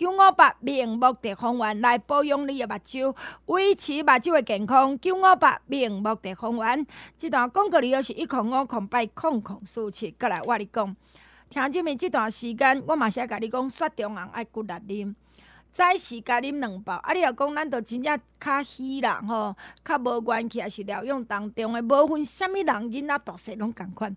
九五八名目滴方案來保養你嘅目睭，維持目睭嘅健康。九五八名目滴方案，即段講過你抑是一空，五空百空空四起，過來我哩講，聽證明即段時間我嘛是愛甲你講，雪中人愛骨力啉，早時甲啉兩包。啊，你若講咱就真正較喜人吼，較無關係，也是療養當中嘅，無分啥物人，囡仔大細攏共款。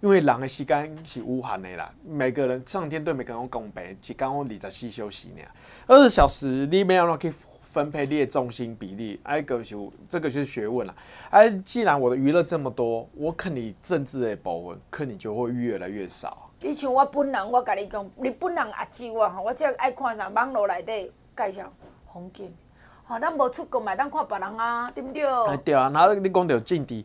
因為人嘅時間是有限嘅啦，每個人上天對每個人有公平，只講我二十四小時倆，二十四小時你沒有落去分配你的重心比例，哎個學這個就是學問啦。哎，既然我的娛樂這麼多，我肯定政治嘅部分肯定就會越來越少，啊。你像我本人我甲你講，你本人也喜歡吼，我只要愛看啥網絡內底介紹風景，吼，咱無出國嘛，咱看別人啊，對不對？啊對啊，然後你講到政治。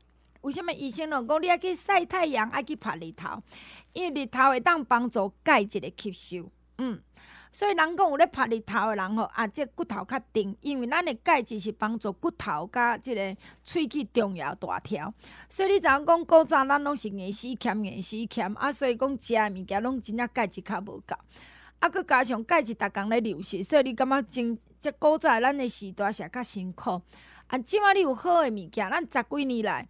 為啥物醫生攏講你愛去曬太陽，愛去曬日頭？因為日頭會當幫助鈣質的吸收，嗯。所以人講有咧曬日頭嘅人吼，啊，即、這個、骨頭較硬，因為咱嘅鈣質是幫助骨頭甲即個喙齒重要大條。所以你知影講古早咱攏是硬死欠，硬死欠啊，所以講食嘅物件攏真正鈣質較無夠，啊，閣加上鈣質逐工咧流失，所以你感覺真即古早咱嘅時代是較辛苦。啊，即馬你有好嘅物件，咱十幾年來。